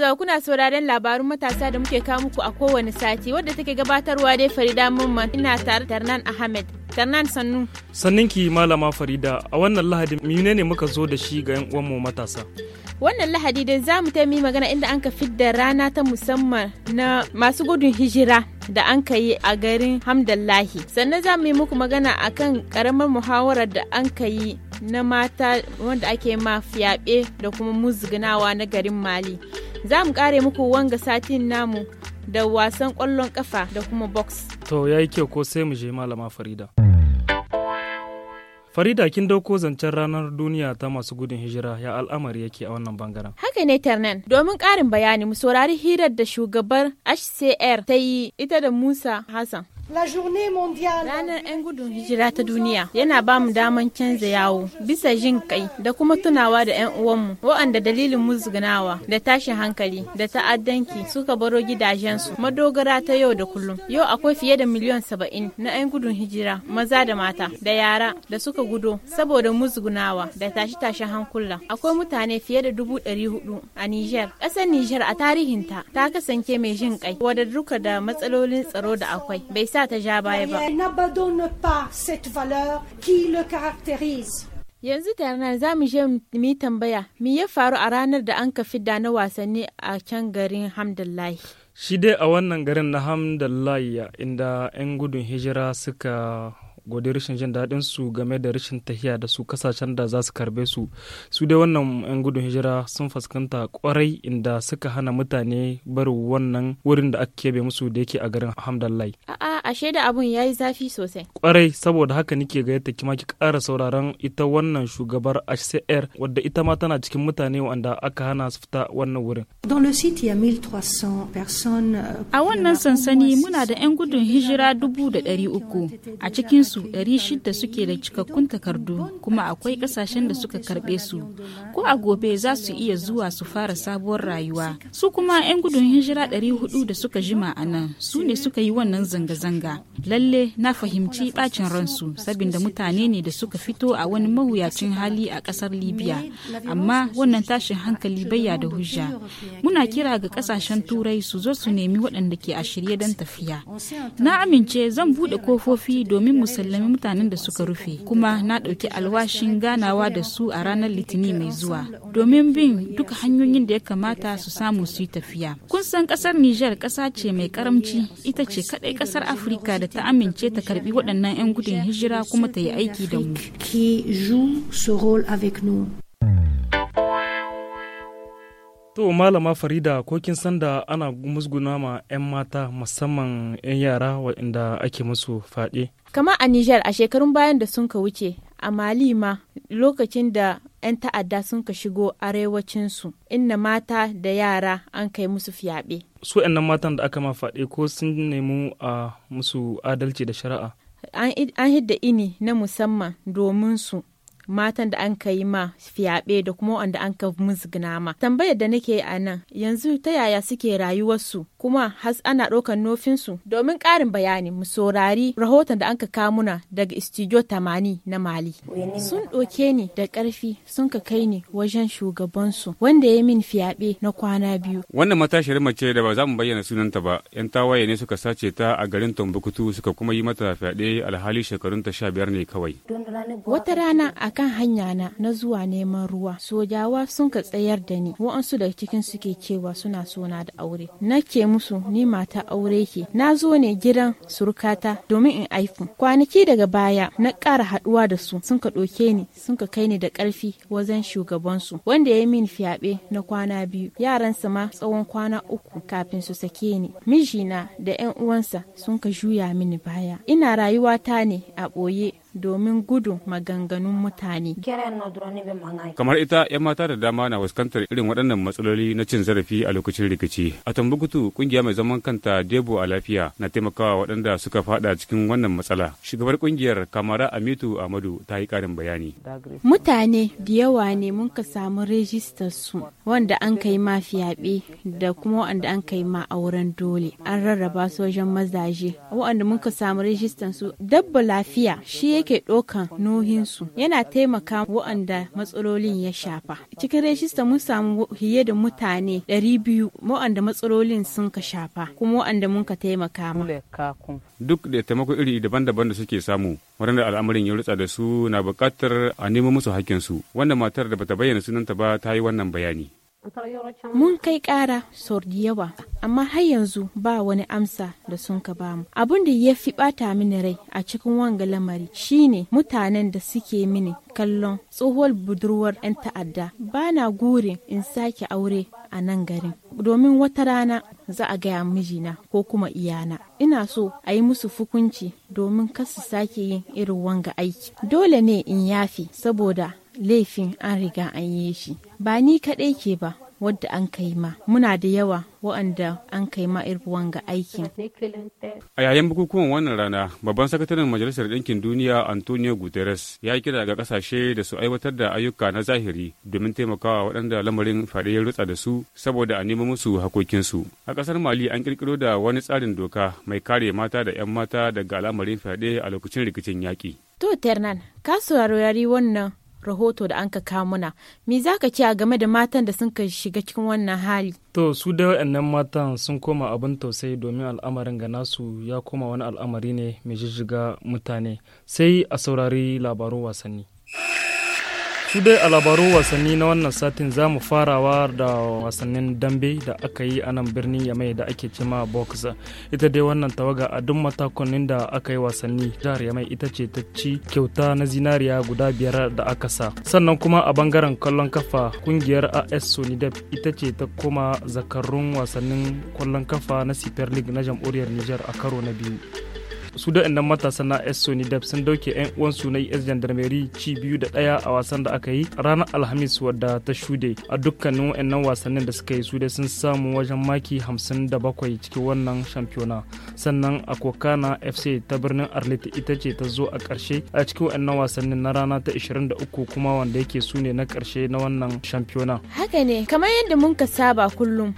da kuna sauraron labarun matasa da muke kawo muku a kowane sati wadda take gabatarwa dai Farida Mumman ina tare da Tarnan Ahmed. Tarnan Sannu. Sanninki Malama Farida a wannan Lahadi ne muka zo da shi ga 'yan uwanmu matasa? wannan lahadi dai za mu taimi magana inda an ka fidda rana ta musamman na masu gudun hijira da an ka yi a garin hamdallahi sannan za mu yi muku magana akan karamar muhawarar da an ka yi na mata wanda ake ma fiyaɓe da kuma muzgunawa na garin mali za mu kare muku wanga satin namu da wasan kwallon kafa da kuma box to ya yi ko sai mu je malama farida Farida kin dauko zancen ranar duniya ta masu gudun hijira ya al'amari yake a wannan bangaren. Haka ne Tarnan, domin ƙarin bayani mu saurari hirar da shugabar HCR ta yi ita da Musa Hassan. Ranar 'yan gudun hijira ta duniya yana ba mu daman canza yawo bisa jin kai da kuma tunawa da 'yan uwanmu waɗanda dalilin muzgunawa da tashin hankali da ta'addanki suka baro gidajensu madogara ta yau da kullum. Yau akwai fiye da miliyan saba'in na 'yan gudun hijira maza da mata da yara da suka gudo saboda musgunawa da tashi tashen hankula. Akwai mutane fiye da dubu ɗari hudu a Nijar. Ƙasar Nijar a tarihinta ta kasance mai jin kai wadda da matsalolin tsaro da akwai. Bai sa ta ja baya ba. Yanzu tarnan za mu je mu tambaya, me ya faru a ranar da an ka da na wasanni a can garin Hamdallahi? Shi dai a wannan garin na Hamdallahi inda 'yan gudun hijira suka gode rashin jin daɗin su game da rashin tahiya da su kasashen da za su karbe su su dai wannan 'yan gudun hijira sun fuskanta kwarai inda suka hana mutane bar wannan wurin da aka kebe musu da yake a garin hamdallai a'a ashe da abun ya yi zafi sosai kwarai saboda haka nike ga yadda kima ki ƙara sauraron ita wannan shugabar HCR wadda ita ma tana cikin mutane wanda aka hana su fita wannan wurin euh, a wannan sansani muna da 'yan gudun hijira dubu da uku a cikin su 600 suke da cikakkun takardu kuma akwai kasashen da suka karbe su ko a gobe za su iya zuwa su fara sabuwar rayuwa su kuma 'yan gudun hijira 400 da suka jima a nan su ne suka yi wannan zanga-zanga shiga lalle na fahimci bacin ransu saboda mutane ne da suka fito a wani mawuyacin hali a kasar libya amma wannan tashin hankali bayya da hujja muna kira ga kasashen turai su zo su nemi waɗanda ke a shirye don tafiya na amince zan buɗe kofofi domin mu sallami mutanen da suka rufe kuma na ɗauki alwashin ganawa da su a ranar litini mai zuwa domin bin duka hanyoyin da ya kamata su samu su yi tafiya kun san ƙasar niger ƙasa ce mai karamci ita ce kaɗai ƙasar afirka afirka da ta amince ta karbi waɗannan 'yan gudun hijira kuma ta yi aiki da mu To malama Farida ko kin san da ana musguna ma 'yan mata musamman 'yan yara waɗanda ake musu faɗe. Kama a Nijar a shekarun bayan da sun ka wuce a Mali ma lokacin da 'yan ta'adda sun ka shigo arewacinsu inda mata da yara an kai musu fyaɓe. su nan matan da aka ma faɗe ko sun nemi a musu adalci da shari'a an hidda ini na musamman domin su matan da an ka yi ma fiyaɓe da kuma wanda an ka musgina ma. Tambayar da nake a nan yanzu ta yaya suke rayuwarsu kuma has ana ɗaukar nufinsu. Domin ƙarin bayani mu saurari rahoton da anka kamuna daga Istijo Tamani na Mali. Sun ɗoke ni da ƙarfi sun ka kai ni wajen shugabansu wanda ya min fyaɓe na kwana biyu. Wannan matashiyar mace da ba za mu bayyana sunanta ba, 'yan tawaye ne suka sace ta a garin Tombuktu suka kuma yi mata fyaɗe alhali shekarun ta sha biyar ne kawai. Wata rana akan hanya na na zuwa neman ruwa, sojawa sun ka tsayar da ni, wa'ansu daga cikin suke cewa suna sona da aure. Nake musu ni mata aure ke na zo ne gidan surukata domin in aifu kwanaki daga baya na ƙara haɗuwa da su sun ka ɗauke ni sun ka kai ni da ƙarfi wajen shugabansu wanda ya yi min fyaɓe na kwana biyu yaransa ma tsawon kwana uku kafin su sake ni mijina da 'yan uwansa sun ka juya mini baya ina rayuwata ne a ɓoye domin gudu maganganun mutane. Kamar ita 'yan mata da dama na fuskantar irin waɗannan matsaloli na cin zarafi a lokacin rikici. A Tambukutu kungiya mai zaman kanta Debo a lafiya na taimakawa waɗanda suka fada cikin wannan matsala. Shugabar kungiyar Kamara Amitu Amadu ta yi ƙarin bayani. Mutane da yawa ne mun ka samu rijistar su wanda an kai ma fyaɓe da kuma wanda an kai ma auren dole. An rarraba su wajen mazaje. Waɗanda mun ka samu rijistar su dabba lafiya shi yake ɗaukan nohinsu yana taimaka waɗanda matsalolin ya shafa. Cikin rejista mun samu fiye da mutane 200 waɗanda matsalolin sun ka shafa kuma waɗanda mun ka taimaka ma. Duk da taimako iri daban-daban da suke samu waɗanda al'amarin ya rutsa da su na buƙatar a nemo musu hakkinsu. wanda matar da bata bayyana sunanta ba ta yi wannan bayani. Mun kai ƙara sau da yawa, amma har yanzu ba wani amsa da sun ka bamu. Abin da ya fi ɓata mini rai a cikin wanga lamari shine mutanen da suke mini kallon tsohuwar budurwar 'yan ta'adda. Ba na gurin in sake aure a nan garin. Domin wata rana za a gaya mijina ko kuma iyana. Ina so a yi musu fukunci domin kasu sake yin irin wanga aiki. Dole ne in yafi saboda laifin an riga an yi shi ba ni kaɗai ke ba wadda an kai ma muna da yawa waɗanda an kai ma irbuwan ga aikin. A yayin bukukuwan wannan rana, babban sakataren Majalisar Ɗinkin Duniya Antonio Guterres ya kira ga ƙasashe da su aiwatar da ayyuka na zahiri domin taimakawa waɗanda lamarin fare ya rutsa da su saboda a nemo musu hakokinsu. A ƙasar Mali an ƙirƙiro da wani tsarin doka mai kare mata da 'yan mata daga al'amarin fyaɗe a lokacin rikicin yaƙi. To Ternan, ka saurari wannan rahoto da an ka kamuna me za ka kiya game da matan da sun ka shiga cikin wannan hali to su da waɗannan matan sun koma abin tausayi domin al'amarin ga nasu ya koma wani al'amari ne mai jijjiga mutane sai a saurari labarun wasanni su dai a labarun wasanni na wannan satin za mu farawa da wasannin dambe da aka yi a nan birnin yamai da ake cima boxer ita dai wannan tawaga a duk matakonin da aka yi wasanni jihar yamai ita ce ta ci kyauta na zinariya guda biyar da aka sa sannan kuma a bangaren kwallon kafa kungiyar as sonidep ita ce ta koma zakarun wasannin kwallon kafa na super na jamhuriyar niger a karo na biyu su da nan matasa na s dev sun dauke 'yan uwansu na is gendarmerie ci biyu da daya a wasan da aka yi ranar alhamis wadda ta shude a dukkanin wa'annan wasannin da suka yi su da sun samu wajen maki 57 cikin wannan shampiyona sannan a kokana fc ta birnin arlit ita ce ta zo a karshe a cikin wa'annan wasannin na rana ta 23 kuma wanda yake su ne na karshe na wannan shampiyona haka ne kamar yadda mun ka saba kullum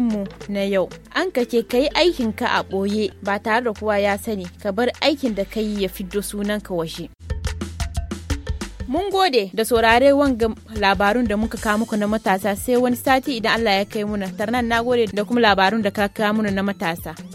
mu na yau an ka ce ka aikinka a ɓoye ba tare da kowa ya sani ka bar aikin da ka yi ya fiddo ka waje. Mun gode da saurare wanga labarun da muka kawo muku na matasa sai wani sati idan Allah ya kai muna. Tarnan na gode da kuma labarun da ka kawo muna na matasa.